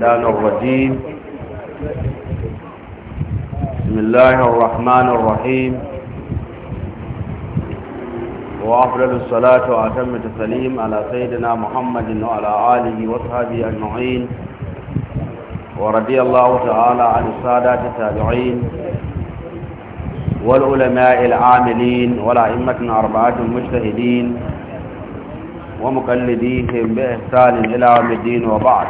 الشيطان الرجيم بسم الله الرحمن الرحيم وأفضل الصلاة وأتم التسليم على سيدنا محمد وعلى آله وصحبه أجمعين ورضي الله تعالى عن السادات التابعين والعلماء العاملين والأئمة أربعة المجتهدين ومقلديهم بإحسان إلى يوم الدين وبعد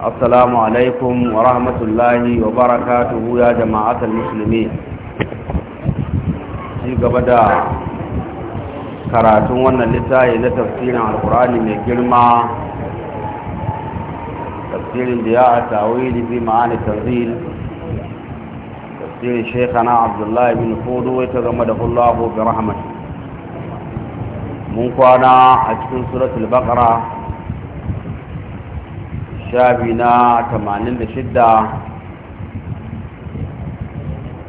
alaikum wa rahmatullahi wa الله وبركاته يا جماعة المسلمين شيء بدا karatun wannan littafi na tafsirin alkurani mai girma tafsirin da ya a tawili fi ma'ani tafsir tafsirin shekana abdullahi bin fudu ta zama da kullahu bi rahmat mun kwana a cikin suratul baqara shabi da 86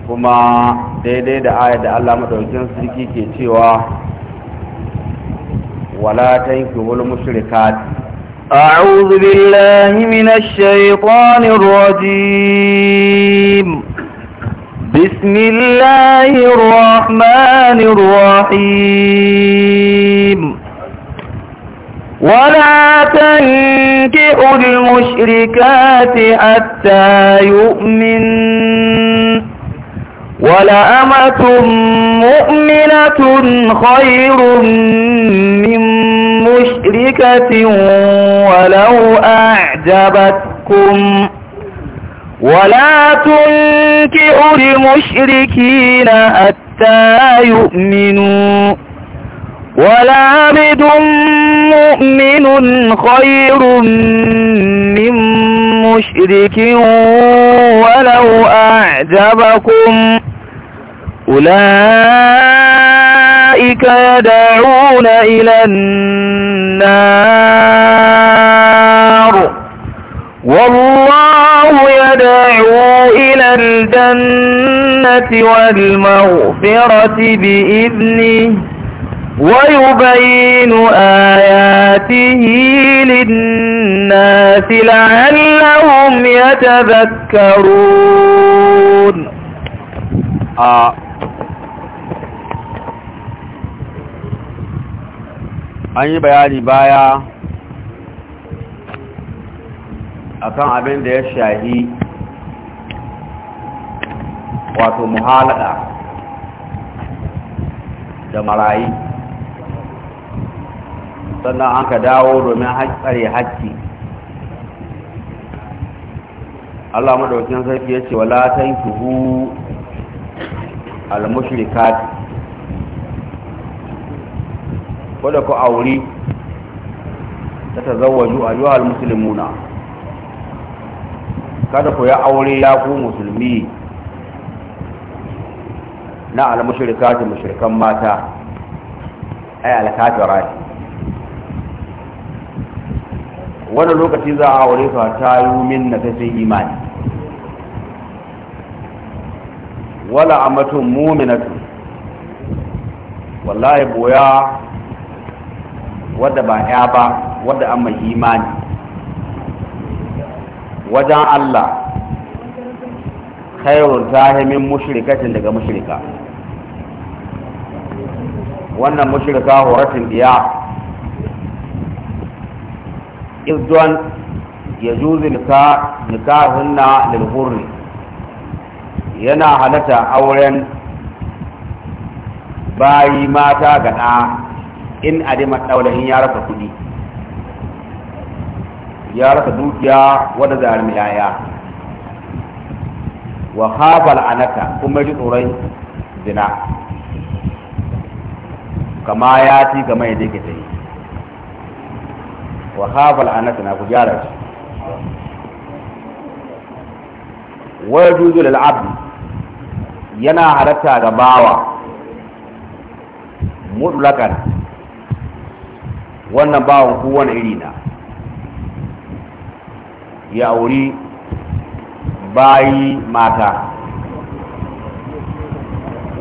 kuma daidai da ayat da Allah madaukin sarki ke cewa wala tankihul mushrikat a'udhu billahi minash shaitanir rajim bismillahir rahmanir rahim ولا تنكئوا المشركات حتى يؤمن ولأمة مؤمنة خير من مشركة ولو أعجبتكم ولا تنكئوا المشركين حتى يؤمنوا ولعبد مؤمن خير من مشرك ولو أعجبكم أولئك يدعون إلى النار والله يدعو إلى الجنة والمغفرة بإذنه ويبين آياته للناس لعلهم يتذكرون أي بياني بايا akan abin da ya shahi wato muhalada sannan an ka dawo domin tsare haƙƙi Allah madaukin sarki ya ce wa wala tankihu al-mushrikat kada ku auri ta tazawwaju ayyuha al musulmuna kada ku ya aure ya ku musulmi na al-mushrikat mushrikan mata ay al-kafirati wani lokaci za a aure ka ta yi min na tafi imani wala amatun muminatu wallahi boya wadda ba ya ba wadda an mai imani wajen Allah khairun tahimin mushrikatin daga mushrika wannan mushrika horatin biya ya يجوز نكاهن للغر yana halatta auren bayi mata ga in adima daulahin ya rasa kuɗi ya rasa dukiya wadda zaren yaya wa hafal anaka kuma ji tsoron zina kama ya ci game da wa habal na ku gyara shi Wai juju da yana halatta ga bawa mutlakar wannan bawan ku iri na ya auri bayi mata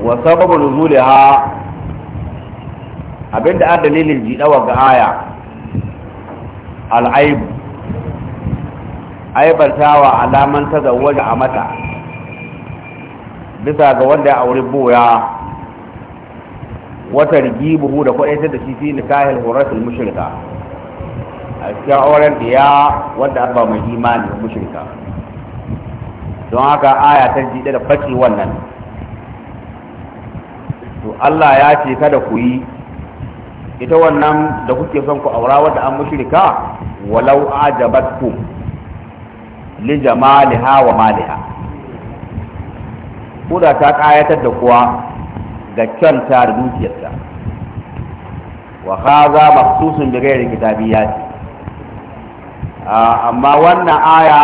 wa sababu nuzuliha abinda adalilin dalilin jidawa ga aya al'aibu aibartawa alaman ta zawaja a mata bisa ga wanda ya auri boya wata rigibuhu da kwaɗaitar da shi fi nikahil horatul mushrika a cikin auren ɗiya wanda abba mai imani mushrika don haka aya ta jiɗe da faci wannan to Allah ya ce kada ku yi ita wannan da kuke son ku aura wadda an mushrika walau ajabatku li jamaliha wa maliha koda ta kayatar da kuwa ga kyanta da dukiyarta wa haza maksusun da ghairi kitabiya amma wannan aya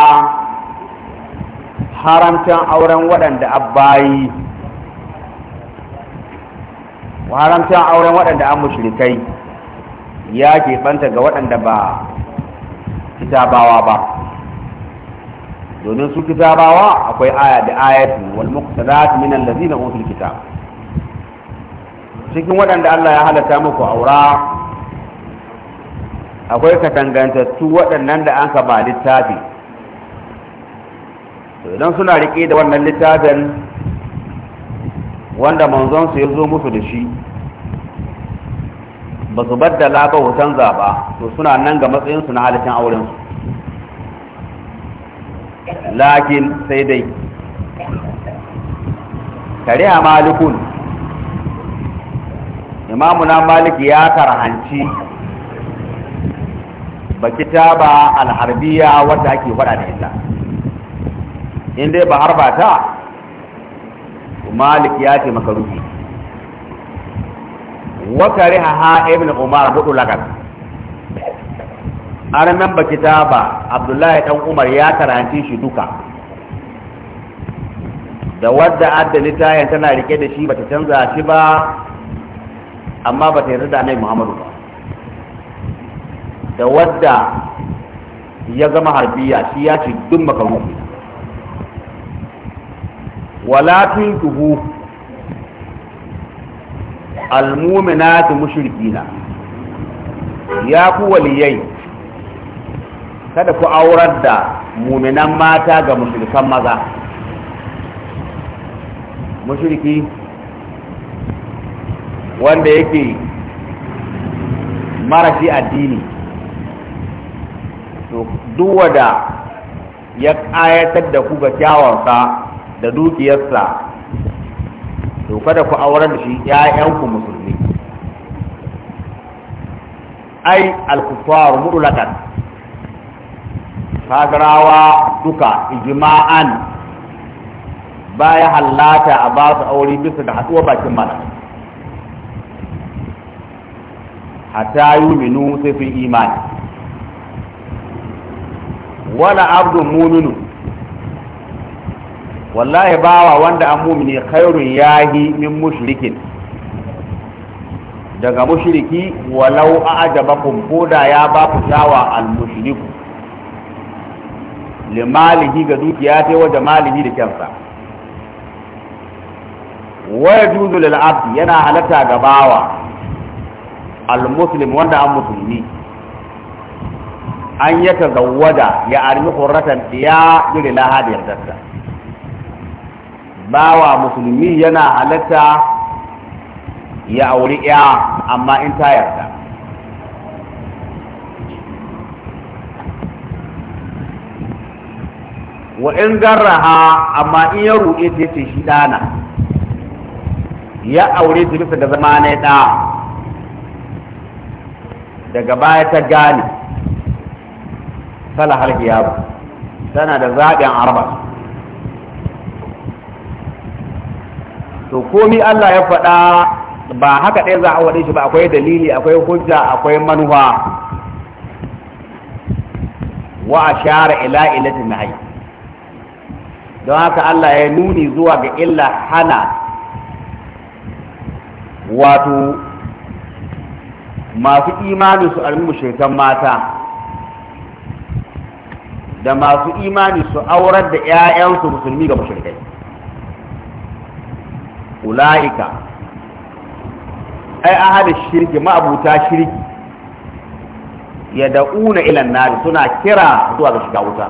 haramcin auren waɗanda abbayi haramcin auren waɗanda an mushrikai ya keɓanta ga waɗanda ba kitabawa ba domin su kitabawa akwai aya da ayatu wal muqtadat min allazina utul kitab cikin waɗanda Allah ya halatta muku aura akwai katangantattu waɗannan da an ba littafi idan suna rike da wannan littafin wanda manzonsu ya zo musu da shi ba su baddala ba hoton zaba to suna nan ga matsayinsu na halittar aurensu lakin sai dai kare a malikun imamuna maliki ya karhanci ba kita ba alharbiya wadda ake faɗa da ita in dai ba harba ta malik ya ce makaruhi wakari ha ha ibn umar hudu lagar an nan ba kitaba abdullahi dan umar ya karanci shi duka da wadda adda litayen tana rike da shi bata canza shi ba amma bata yarda da annabi muhammadu ba da wadda ya zama harbiya shi ya ce duk makaruhi wala almumina almu'minatu mushrikina ya ku waliyai kada ku aurar da muminan mata ga mushrikan maza mushriki wanda yake marashi addini to duwada ya ƙayatar da ku ga kyawansa da dukiyarsa to kada ku auren da shi ƴaƴanku musulmi ai alkufar kuffar mudlakan kagarawa duka ba baya halata a ba su aure bisa da haɗuwa bakin mana hatta yuminu sai fi imani wala abdun muminu wallahi bawa wanda an mumini khairun yahi min mushrikin daga mushriki walau a'jabakum koda ya ba ku shawa al mushriku limalihi ga dukiya ta wa malihi da kyansa wa yajuzu lil abdi yana halatta ga bawa al muslim wanda an musulmi an yata zawwada ya armi qurratan diya bi lahadi yardarta bawa musulmi yana halatta ya auri ya amma in ta yarda wa in garraha amma in ya ruɗe ta yace shi ɗana ya aure ta bisa da zama na ɗa daga baya ta gane salahar hiyabu tana da zaɓen arba to komi Allah ya faɗa ba haka ɗaya za a waɗe shi ba akwai dalili akwai hujja akwai manuwa wa a share ila ilatin nahi don haka Allah ya nuni zuwa ga illa hana wato masu imani su almi mushrikan mata da masu imani su aurar da 'ya'yansu musulmi ga mashirkai ula'ika ai ahad shirki ma'abuta shirki ya da'una ilan nari suna kira zuwa ga shiga wuta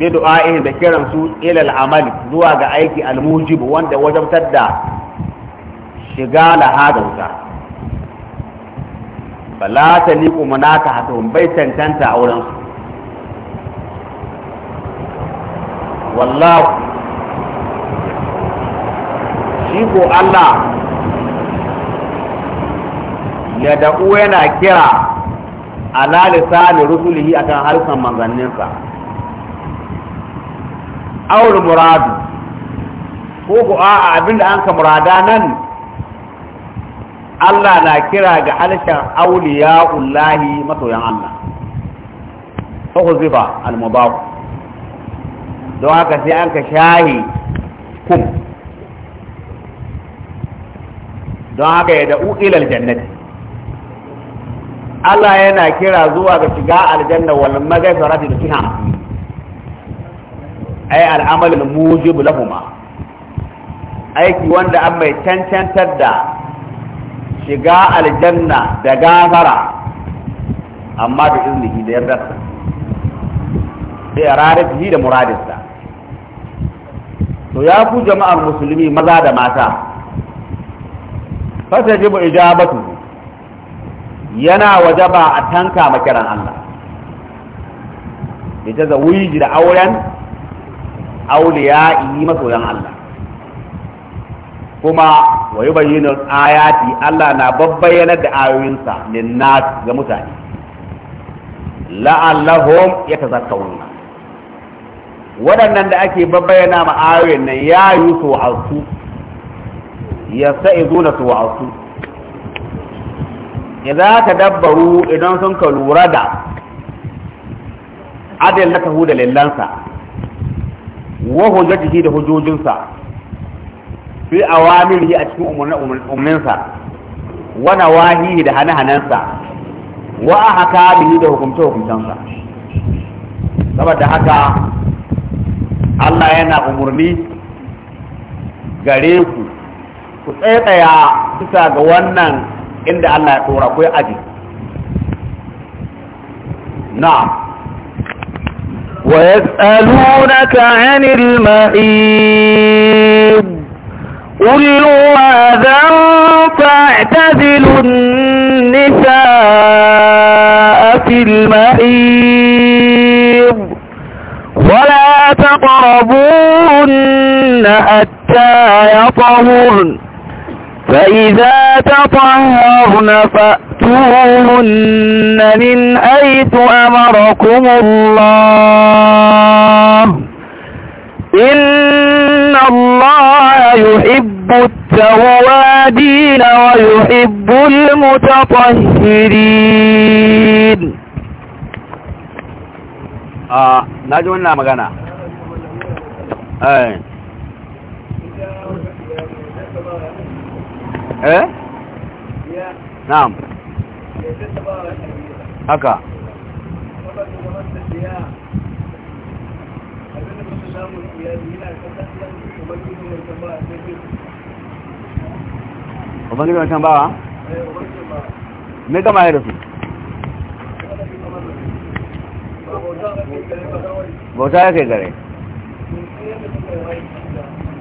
bi du'a'in da kiran su ilal amali zuwa ga aiki almujib wanda wajabtar da shiga laha da wuta fala ta liku munaka hatun bai tantanta auren su wallahu shi Allah ya da'u yana kira Alalisa ne rusulihi akan harsan manzanninsa aure muradu ko ko a abinda an ka murada nan Allah na kira ga halshen auliya'ullahi masoyan Allah fa al-mubaq don haka sai an ka shahi kum don haka ya da'u ilal jannati Allah yana kira zuwa ga shiga aljanna wal maghfirati da fiha ay al'amal mujib lahuma aiki wanda an mai cancantar da shiga aljanna da gafara amma da iznihi da yardarsa da yararifihi da muradinsa to ya ku jama'ar musulmi maza da mata fasa jibu ijabatu yana wajaba a tanka makiran Allah da ta zawuyi jira auren auliya yi masoyan Allah kuma wa yi bayyana ayati Allah na babbayyana da ayoyinsa linnas ga mutane la'allahum yatazakkaruna waɗannan da ake babbayyana ma ayoyin nan ya yi su yasta'izuna su wa'asu idza dabbaru idan sun ka lura da adal na kahu da lillansa wa hujjatihi da hujjojinsa fi awamirihi a cikin umarninsa wa nawahihi da hane-hanensa wa ahkamihi da hukumce-hukumcensa saboda haka Allah yana umarni gare ku ku tsaya bisa ga wannan inda Allah ya tura ku aji na ويسألونك عن المحيض قل هو أذى فاعتزلوا النساء في المحيض ولا تقربوهن حتى يطهرن فإذا تطهرن فأتوهن من حيث أمركم الله إن الله يحب التوادين ويحب المتطهرين آه نجو لنا مغانا ايه eh na'am haka ubangiji wancan bawa? me gama ya da bauta ya kai gare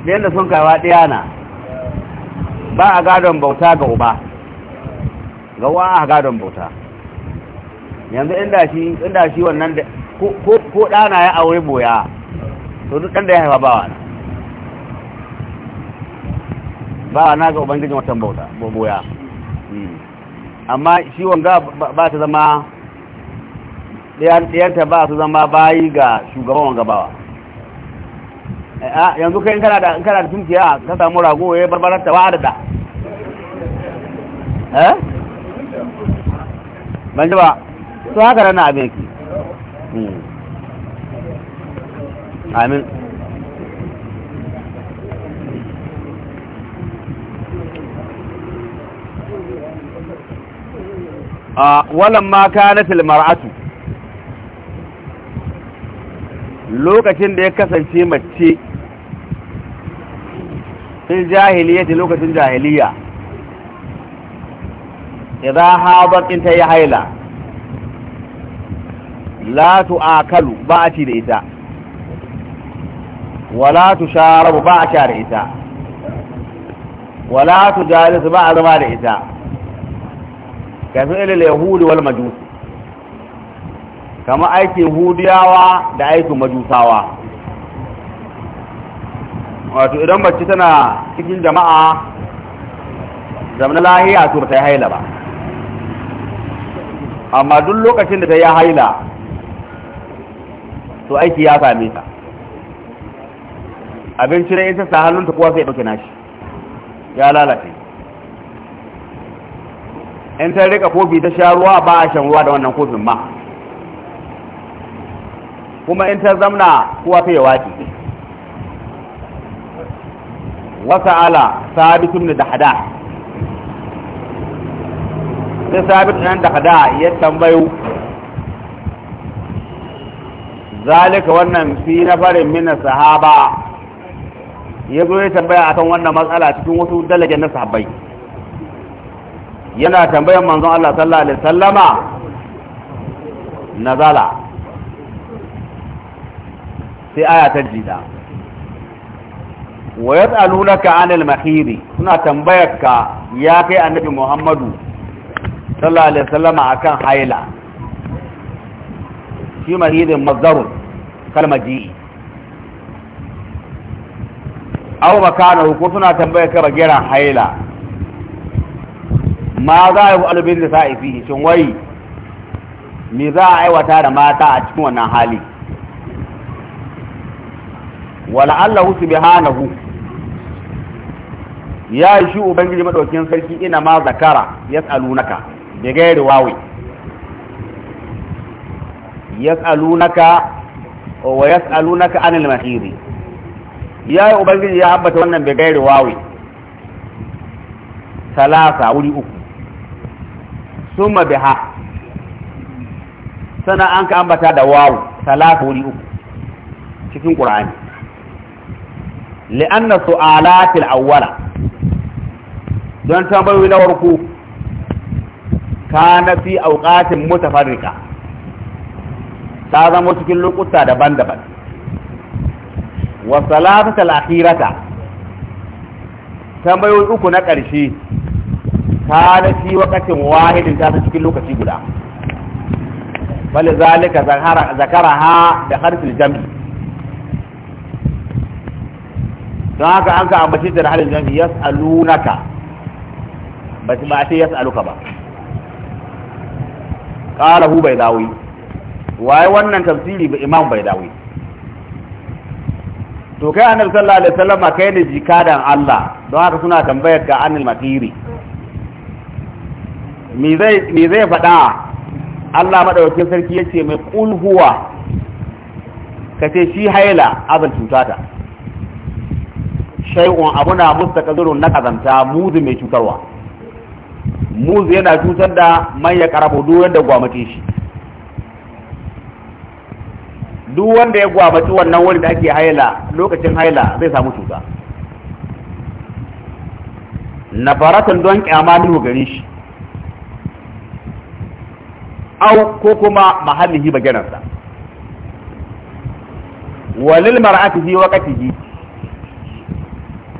da yadda sun kawa ɗaya na ba a gadon bauta ga uba ga wa a gadon bauta yanzu inda shi inda shi wannan da ko ɗana ya aure boya to duk ɗan da ya haifa bawa ba wa na ga ubangijin watan bauta boya hmm. amma shi wanga ba ta zama ɗayanta ba su zama bayi ga shugaban wangabawa. yanzu kai in kana da kana da tunkiya ka samu rago ya eh, barbarar ta wa'ada da eh ban ji ba to haka rana abin ki hmm. amin wannan walamma kanatil mar'atu lokacin da ya kasance mace fil jahiliyyati lokacin jahiliya idan haɓar in ta yi haila la tu'akalu ba a ci da ita wala tusharabu ba a sha da ita wala tujalisu ba a zama da ita ka fi'il yahudi wal majusi kama aikin hudiyawa da aikin majusawa wato idan mace tana cikin jama'a zama lahiya to ta haila ba amma duk lokacin da ta yi haila to aiki ya same ta abinci na ita sa ta kowa sai ɗauke nashi ya lalace in ta rika kofi ta sha ruwa ba a shan ruwa da wannan kofin ma kuma in ta zamna kowa sai ya wace wasa'ala sabitu ne da hada sai sabitu nan da ya tambayo zalika wannan fi na farin mina sahaba ya zo ya tambaya wannan matsala cikin wasu dalagen na sahabbai yana tambayan manzon Allah sallallahu alaihi sallama nazala sai aya ta jida wa ka 'anil Mahiri suna tambayarka ya kai annabi Muhammadu sallallahu alaihi wasallam akan haila shi mahirin mazarun kalmar ji'i aw makana ko suna tambayar ka bagiran haila ma za a yi albin da sa'ifi fihi shin wai me za a aiwata da mata a cikin wannan hali wala allahu subhanahu ya yi shi ubangiji madaukin sarki ina ma zakara yas'alunaka bi ghairi wawi yas'alunaka wa yas'alunaka anil mahiri ya yi ubangiji ya ambata wannan bi ghairi wawi salasa wuri uku summa biha sana an ka ambata da wawu talasa wuri uku cikin ƙura'ani. li'anna su'alatil awwala don tambayoyi na warku kana fi auqatin mutafarrika ta zama cikin lokuta daban-daban wa salatatul akhirata tambayoyi uku na ƙarshe kana fi waqatin wahidin ta cikin lokaci guda bal zakara zakaraha da harfil don haka an ka ambace ta da halin jami'i yas'alunaka ba ba ce yas'aluka ba qala hu bai dawi waye wannan tafsiri ba imam bai dawi to kai annabi sallallahu alaihi wasallam kai ne jikadan Allah don haka suna tambayar ka anil matiri me zai me zai faɗa Allah madaukakin sarki yace mai kul huwa kace shi haila abin cutata shay'un abuna mustaqdirun na kazanta muzi mai cutarwa Muzi yana cutar da man ya karabo duk wanda gwamace shi duk wanda ya gwamace wannan wuri da ake haila lokacin haila zai samu cuta faratan don kyama ne gare shi au ko kuma mahallihi baginarsa walil mar'atihi waqatihi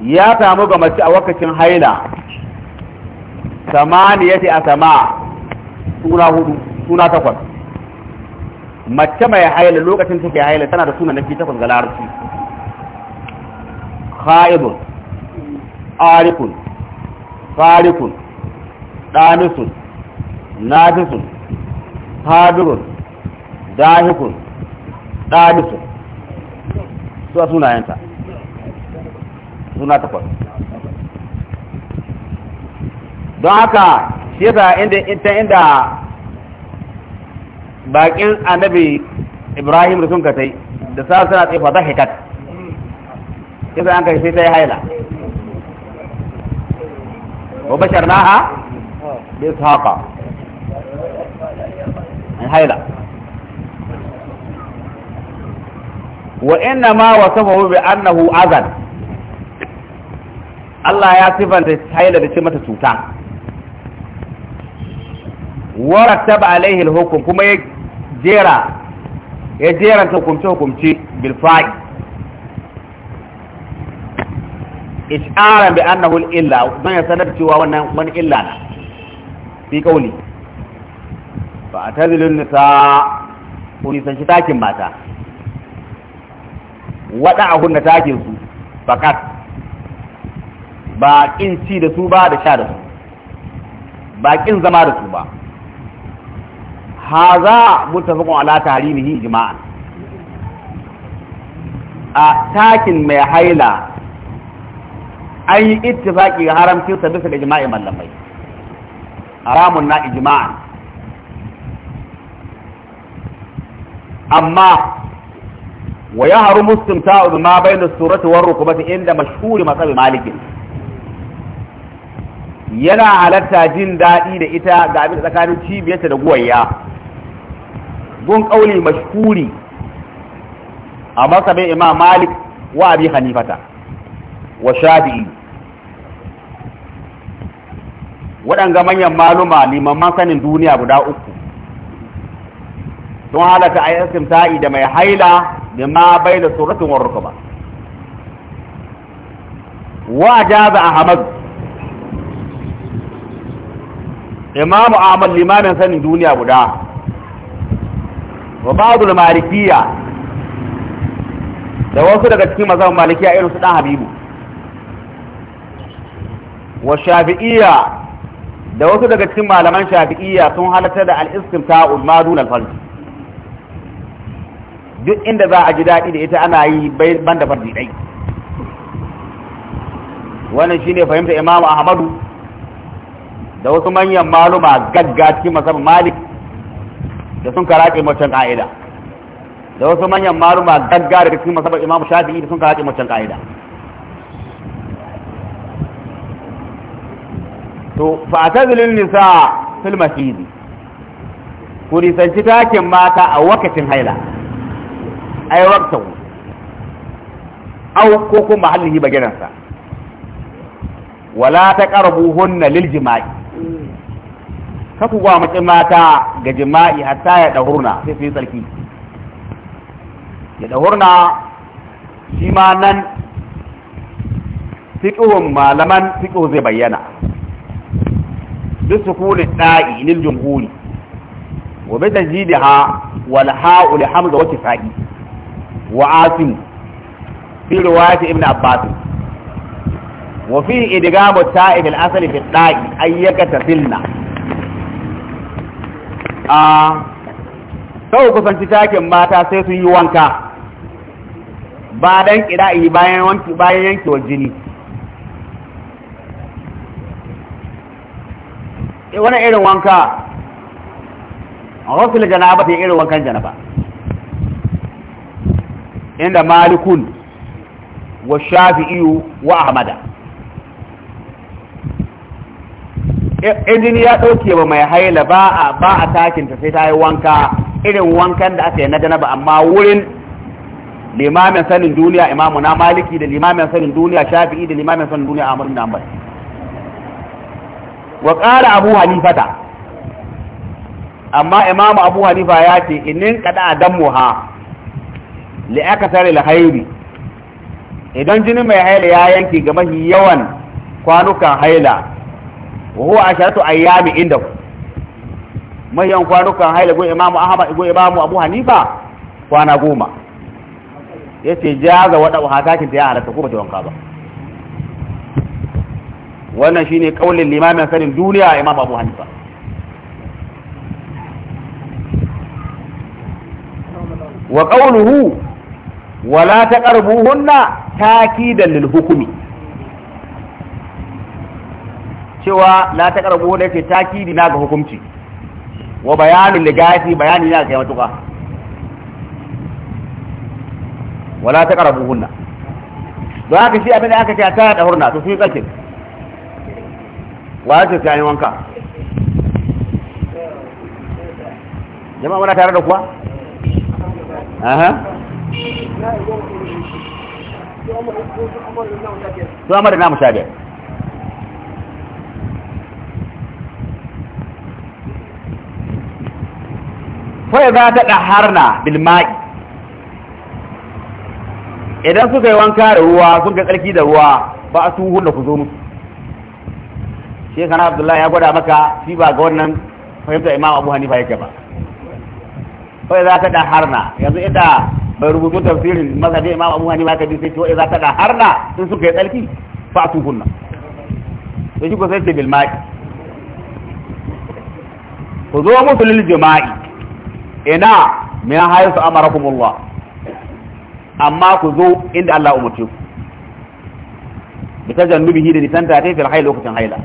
ya samu ga mace a wakacin haila samaniyati a sama suna hudu suna takwas mace mai haila lokacin take haila tana da suna nafi takwas ga larabci khaibun arikun farikun danisun nafisun hadirun dahikun danisun su sunayenta suna takwas don haka shi yasa inda ta inda bakin annabi ibrahim da sun katai da sa suna tsaye fata hikat yasa an kai sai ta yi haila wa bashar naha da su haka an haila wa inna ma wasafahu bi annahu azan Allah ya sifanta haila da ce mata cuta warattaba alaihi hukum kuma ya jera ya jeranta hukumce hukumce bil fa'i isharan bi annahu illa man ya sanar cewa wannan wani illa na fi kauli fa atazilun nisa kuni san shi takin mata wada hunna takin su fakat Baƙin ci da su ba da sha da su baƙin zama da su ba haza muttafaqun ala tahrimihi ijma'an a takin mai haila an yi ittifaki ga haramcin sa bisa da jima'i mallamai haramun na ijma'an amma wa ya ويهرم استمتاع بما بين السورة والركبة عند مشهور مذهب مالك yana halatta jin daɗi da ita ga abin tsakanin cibiyarta da guwayya gun ƙauli mashkuri a masabin imam malik wa abi hanifata wa shafi'i waɗanga manyan maluma limamman sanin duniya guda uku don halatta a yi da mai haila da ma bai da suratun warruka ba wa jaza hamadu imamu ahmad limamin sanin duniya guda wa ba'dul malikiya da wasu daga cikin mazhabin malikiya irin su dan habibu wa shafi'iyya da wasu daga cikin malaman shafi'iyya sun halatta da al-istimta'u ma al-fard duk inda za a ji daɗi da ita ana yi ban da fardi dai wannan shine fahimta imamu ahmadu da wasu manyan maluma gagga cikin masab malik da sun karaƙe macen ƙa'ida da wasu manyan maluma gagga daga cikin masab imam shafi'i da sun karaƙe macen ƙa'ida to fa tazilin nisa fil masjidi ku risanci takin mata a wakacin haila ai waqtahu aw ko kuma mahallihi baginansa wala taqrabuhunna lil jima'i ka ku gwa mace mata ga jima'i hatta ya dahurna sai su yi tsarki ya dahurna shi ma nan fiƙihun malaman fiƙo zai bayyana duk su kuli ɗa'i nil jumhuri wa bi tajdidiha ha ha'u li hamza wa kifa'i wa asim fi ce ibn abbasin وفيه إدغام التاء في الأصل في الطاء أن A sau ci takin mata sai sun yi wanka ba dan yi bayan wanki bayan yankewar jini eh, wani irin wanka a wasu ba ta irin wankan janaba inda malikun wa shafi'iyu wa ahmada jini ya ɗauke ba mai haila ba a ba a takin ta sai ta yi wanka irin wankan da aka yi na janaba amma wurin limamin sanin duniya imamu na maliki da limamin sanin duniya shafi'i da limamin sanin duniya amur da amur wa ƙara abu halifata amma imamu abu halifa ya ce inin kada a dan muha li aka sare lahairi idan jini mai haila ya yanke ga mahi yawan kwanukan haila wa huwa asharatu ayyami inda mayan kwanukan haila go imamu ahmad go imamu abu hanifa kwana goma yace jaza wada hatakin ta ya halatta ko bata wanka ba wannan shine kaulin limamin sanin duniya imam abu hanifa wa qawluhu wala taqrabuhunna cewa na ta karbo da yake takidi na ga hukunci wa bayanin gafi bayani na ga matuka wala ta karbo hunna don haka shi abin da aka ce tsaya da hurna to sai tsakin wa ce ta yi wanka jama'a muna tare da kuwa aha to amma da namu sha biyar fai za ta ɗaharna bilma'i idan suka yi wanka da ruwa sun ga tsarki da ruwa ba a tuhu da ku zo musu kana abdullahi ya gwada maka shi ba ga wannan fahimta imam abu hanifa yake ba fai za ta ɗaharna yanzu inda bai rubutu tafsirin mazhabi imam abu hanifa ka bi sai ciwo za ta ɗaharna sun suka yi tsarki fa a tuhu nan sai shi ko sai ce bilma'i ku zo musu lil jima'i ina min haisu amarakumullah amma ku zo inda Allah umurce ku bi tajannubihi da nisanta ta fil hayl lokacin haila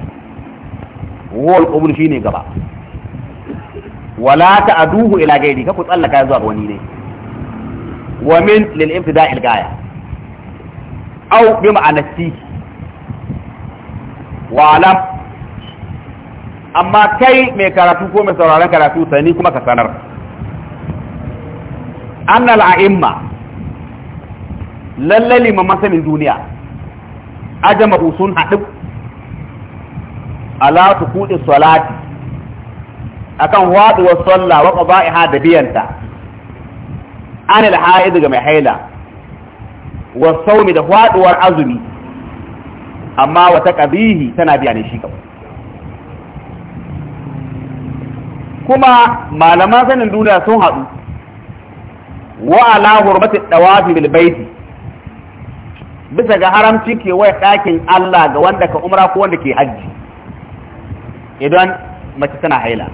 wal qubul shine gaba wala ta'duhu ila gairi ka ku tsallaka zuwa ga wani ne wa min lil ibtida' al gaya aw bi ma'anati wa alam amma kai mai karatu ko mai sauraron karatu sani kuma ka sanar annal a'imma lalle ma masanin duniya ajma'u sun haɗu ala tuqudi salati akan waɗuwar sallah wa qada'iha da biyanta anil haid daga mai haila wa saumi da haɗuwar azumi amma wata ƙabihi tana biya ne shi kuma malaman sanin duniya sun haɗu wa ala hurmati dawafi bil baiti bisa ga haramci ke waya dakin Allah ga wanda ka umra ko wanda ke hajji idan mace tana haila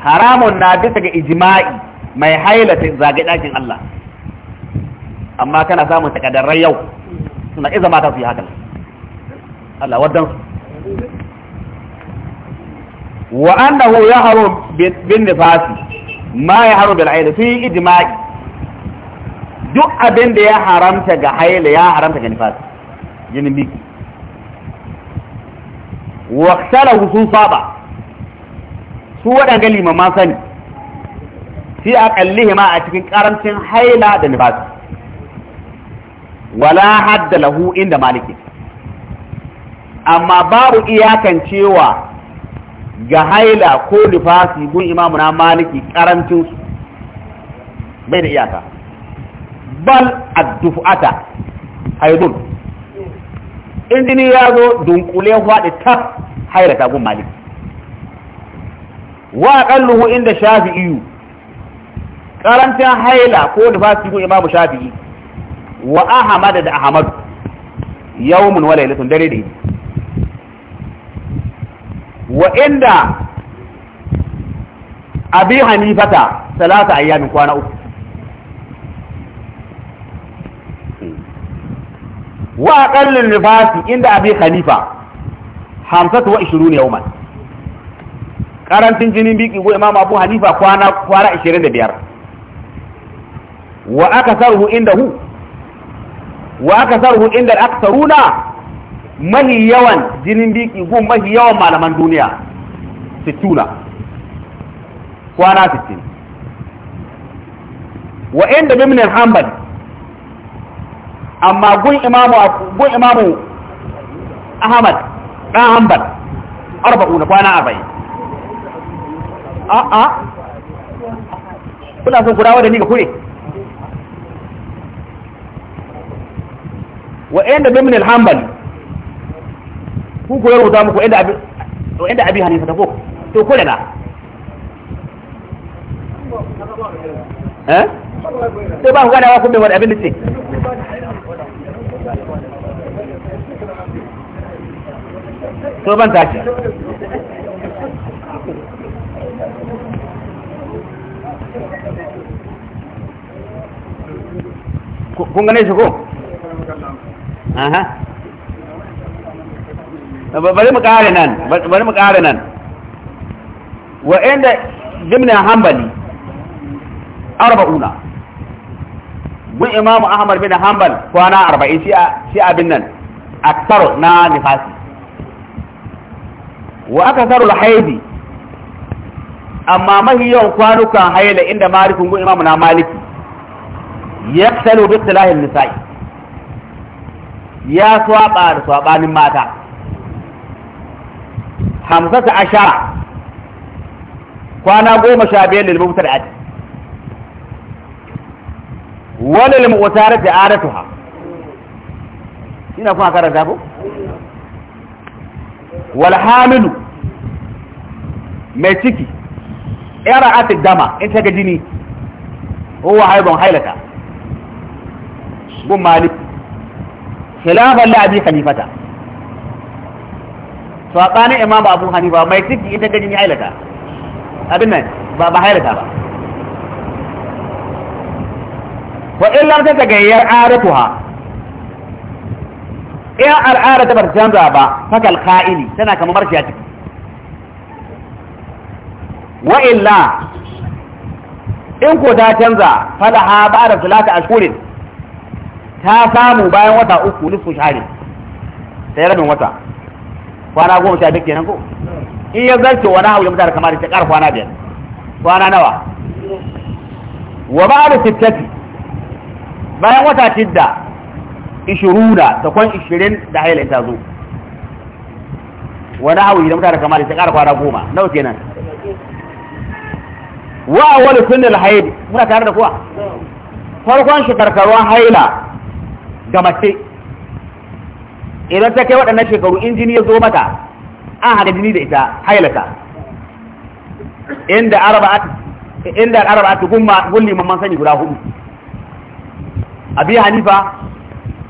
haramun na bisa ga ijma'i mai haila ta zage ɗakin Allah amma kana samun takaddarai yau suna iza mata su yi hakan Allah wadan su wa annahu yahrum bin nifasi ma ya haru bil aini fi ijma'i duk abin da ya haramta ga haila ya haramta ga nifas jinin biki wa ksalahu sun saba su waɗanga limaman sani fi aqallihi ma a cikin ƙarancin haila da nifas wala hadda lahu inda maliki amma babu iyakan cewa ga haila ko nifasi gun imamu na maliki karancin su bai da iyaka bal addufu'ata haidun indini ya zo dunkule faɗi tab haila ta gun maliki wa qalluhu inda shafi'i karancin haila ko nifasi gun imamu shafi'i wa ahmad da ahmad yawmun wa lailatun dare da yi. wa'inda abi hanifata salasa ayyamin kwana uku wa aqallin nifasi inda abi hanifa hamsatu wa ishiruna yawman karantin jinin biki go imam abu hanifa kwana kwara 25 wa akasaruhu indahu wa akasaruhu inda al-aktharuna mahi yawan jinin biki ko mahi yawan malaman duniya sittuna kwana fitin wa inda bimnin hanbali amma gun imamu gun imamu ahmad dan hanbal arba'una kwana abai a a kula son kudawa da ni ga kure wa inda bimnin hanbali ku ko rubuta muku inda abin inda abin hanifa ta ko to ko da na eh to ba ku gane wa kun wani abin da ce to ban tashi kun gane shi ko aha bari mu ƙara nan bari mu ƙara nan wa'anda jimna hanbali arba'una gun imamu ahmad bin hanbal kwana arba'in shi abin nan aktaru na nifasi wa aka saru haidi amma mahi yawan kwanukan haila inda malikun gun imamu na maliki ya tsalo bi tsilahin nisa'i ya swaba da swabanin mata hamsata ashara kwana goma sha biyar lil mubtada'ati wala lil mu'tarati ha, ina kuma karanta ko wal hamilu mai ciki yara atik dama in ta ga jini huwa haidon hailata gun malik khilafan la abi khalifata sabanin imam abu hanifa mai ciki ita gani ya ailata abin nan ba ba hailata ba wa illam ta tagayyar aratuha in al'ada ta barci canza ba fakal ka'ili tana kama marci a ciki wa illa in ko ta canza falaha ba da a ashkurin ta samu bayan wata uku nisfu shahari sai rabin wata kwana goma sha biyar kenan ko in ya zarce wani hau ya mutane kamar ta ƙara kwana biyar kwana nawa wa ba da sittati bayan wata shidda ishiruna ta kwan ishirin da haila ta zo wani hau idan mutane kamar ta ƙara kwana goma nawa kenan wa awwal sunnal haid muna tare da kuwa farkon shi karkarwan haila ga mace idan ta kai waɗannan shekaru in jini ya zo mata an haɗa jini da ita hailata inda araba a araba ta gumma gulli mamman sani guda hudu abi hanifa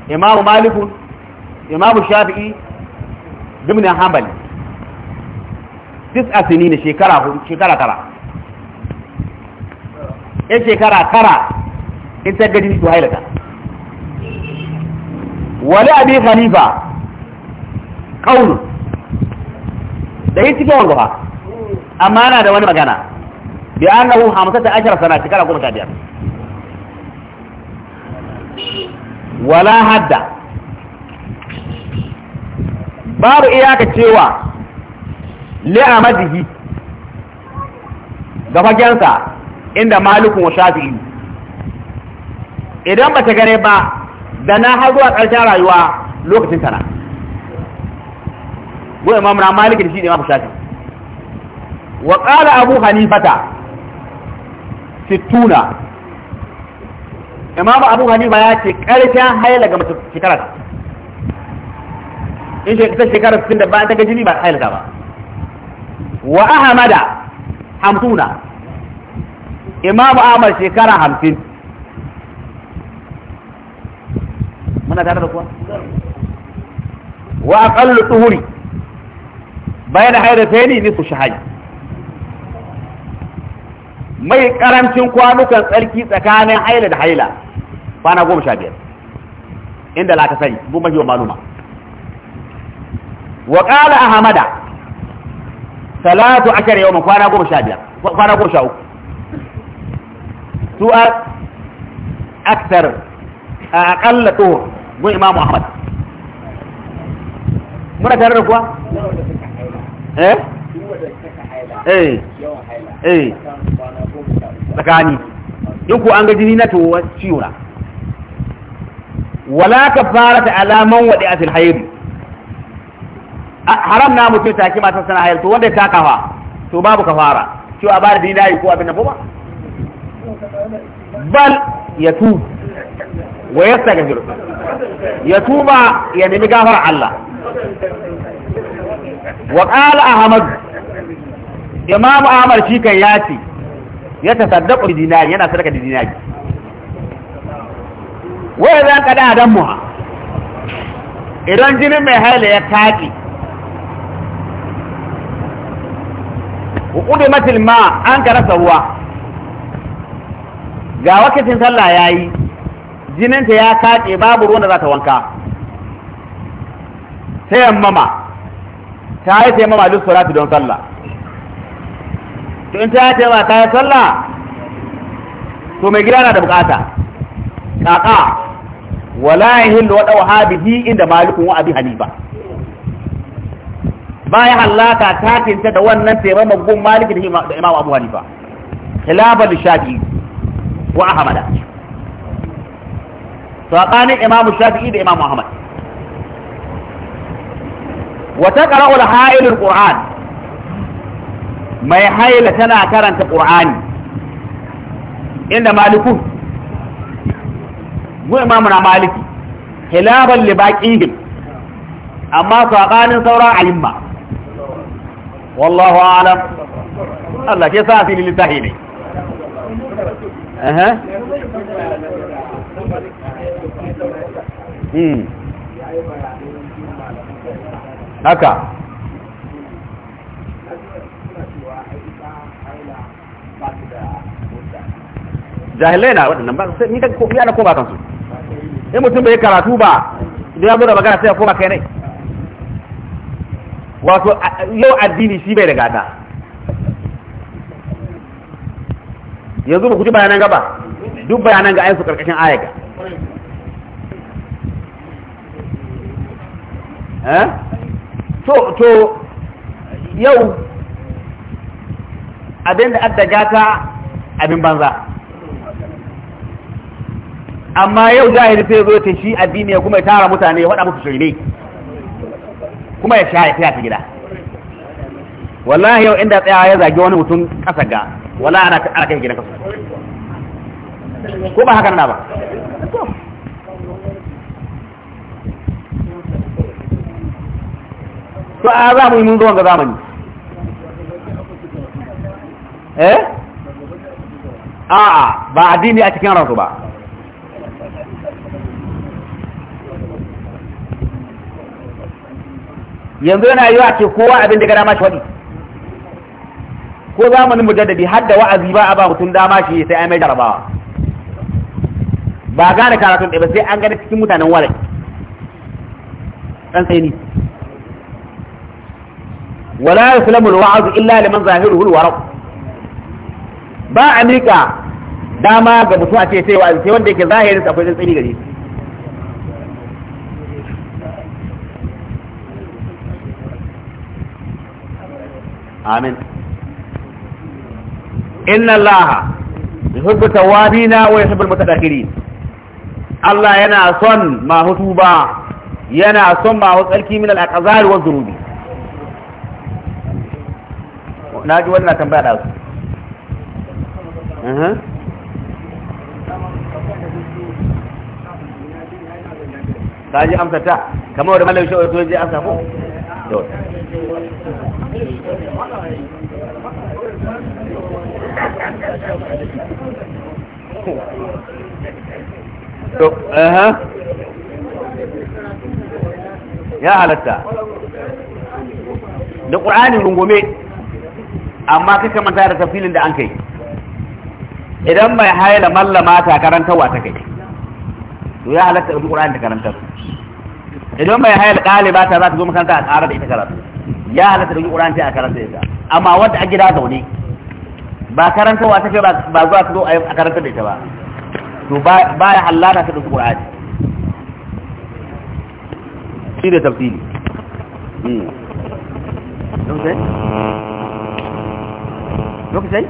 imamu maliku imamu shafi'i ibn hanbali tis'a sinin shekara hudu shekara tara in shekara tara in ta su hailata wani abi hanifa kaunu da yi cikin wanzuwa amma yana da wani magana bi an nahu hamsata ashirar sana shekara kuma ta biyar wala hadda babu iyaka cewa li'amadihi ga fagensa inda malikun wa shafi'i idan ba ta gare ba da na har zuwa ƙarshen rayuwa lokacin tana mu imam na malik da shi ne imam shafi wa qala abu hanifata sittuna imam abu hanifa ya ce karshen haila ga mace shekara in shekara shekara 60 da bayan ta ga jini ba haila ta ba wa ahmada hamsuna imam ahmad shekara hamsin muna tare da kuwa wa aqallu tuhuri bayan hairataini nisu shahai mai karancin kwanukan tsarki tsakanin haila da haila kwana goma sha biyar inda la ka sani bu mahi wa maluma wa qala ahmada salatu Ashar yawman kwana goma sha biyar kwana goma sha uku su aktar a aqalla tuhur gun imamu ahmad muna tare da kuwa eh eh eh tsakani in ku an ga jini na to ciwo na wala ka kafarata alaman wadi asil hayd haram na mutum take mata sana hayar to wanda ta kafa to babu ka fara, to a bada dina yi ko abin nan ba bal ya tu wa ya yastaghfiru ya tu ba ya nemi gafar Allah wa qala ahmad imam ahmad shi kan ya ce ya tasaddaqu bi dinari yana sadaka da dinari wa idan kada dan muha idan jinin mai haila ya taƙi. hukudu matil ma an ka rasa ruwa ga wakilcin sallah ya yi jininta ya kaɗe babu ruwan da za ta wanka sai yammama ta yi taimama duk salatu don sallah to in ta yi taimama ta yi sallah to mai gida na da bukata kaka wala yahillu wa dawa habihi inda malikun wa abi hanifa baya halaka ta tinta da wannan taimama gun maliki da imamu abu hanifa khilafan shafi'i wa ahmad tsakanin imamu shafi'i da imamu ahmad wata qara'ul ha'ilul qur'an mai haila tana karanta qur'ani inda maliku mu imamu na maliki hilaban li amma saƙanin sauran alimma wallahu a'lam Allah ke sa fili littahi ne eh haka jahilai na waɗannan ba sai ni ka ko yana koma kansu in mutum bai karatu ba idan ya zo da magana sai ya koma kai ne wato yau addini shi bai da gata yanzu ba ku ji bayanan gaba duk bayanan ga ayyuka karkashin ayaga eh to to yau abin da addaga ta abin banza amma yau jahili sai zo ta shi addini ya kuma ya tara mutane ya faɗa musu shirme kuma ya sha ya tafi gida wallahi yau inda tsayawa ya zagi wani mutum ƙasa ga wallahi ana kai gidan kasu ko ba haka na ba to a za mu yi mun ruwan ga zamani eh a'a ba addini a cikin ransu ba yanzu yana wa ce kowa abin da gara ma shi wani ko zamanin mujaddadi har da wa'azi ba a ba mutum dama shi sai ai mai jarabawa ba gane karatun ɗaya ba sai an gane cikin mutanen walai ɗan sai ni wala yaslamu alwa'azu illa liman zahiruhu alwaraq ba a mika dama ga mutum a ce sai wa'azi sai wanda yake zahirin sa akwai tsantsani gare shi amin inna allaha yuhibbu tawabina wa yuhibbu almutatahhirin Allah yana son ma hutuba yana son ma tsarki min al-aqzar wa dhunubi na ji wannan tambaya da su ta ji amsa ta kamar da malam shi'ar to ji amsa ko to to eh ya halatta da qur'ani rungume amma kake manta da tafilin da an kai idan mai haila mallama ta karantarwa ta kai to ya halatta da Qur'ani da karanta idan mai haila ɗaliba ta za ta zo makaranta a tsara da ita karatu ya halatta da Qur'ani ta a karanta ita amma wanda a gida zaune ba karantarwa ta kai ba zuwa ta zo a karanta da ita ba to ba ya hallata ta da Qur'ani shi da tafsili hmm. lokacin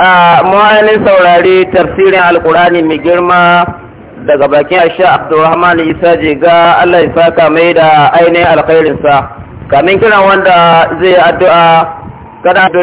ah, a saurari tafsirin alkurani mai girma daga bakin ashe abdurrahman isa jiga allah isa kamai da ainihin alkhairinsa kamin kiran wanda zai addu'a kada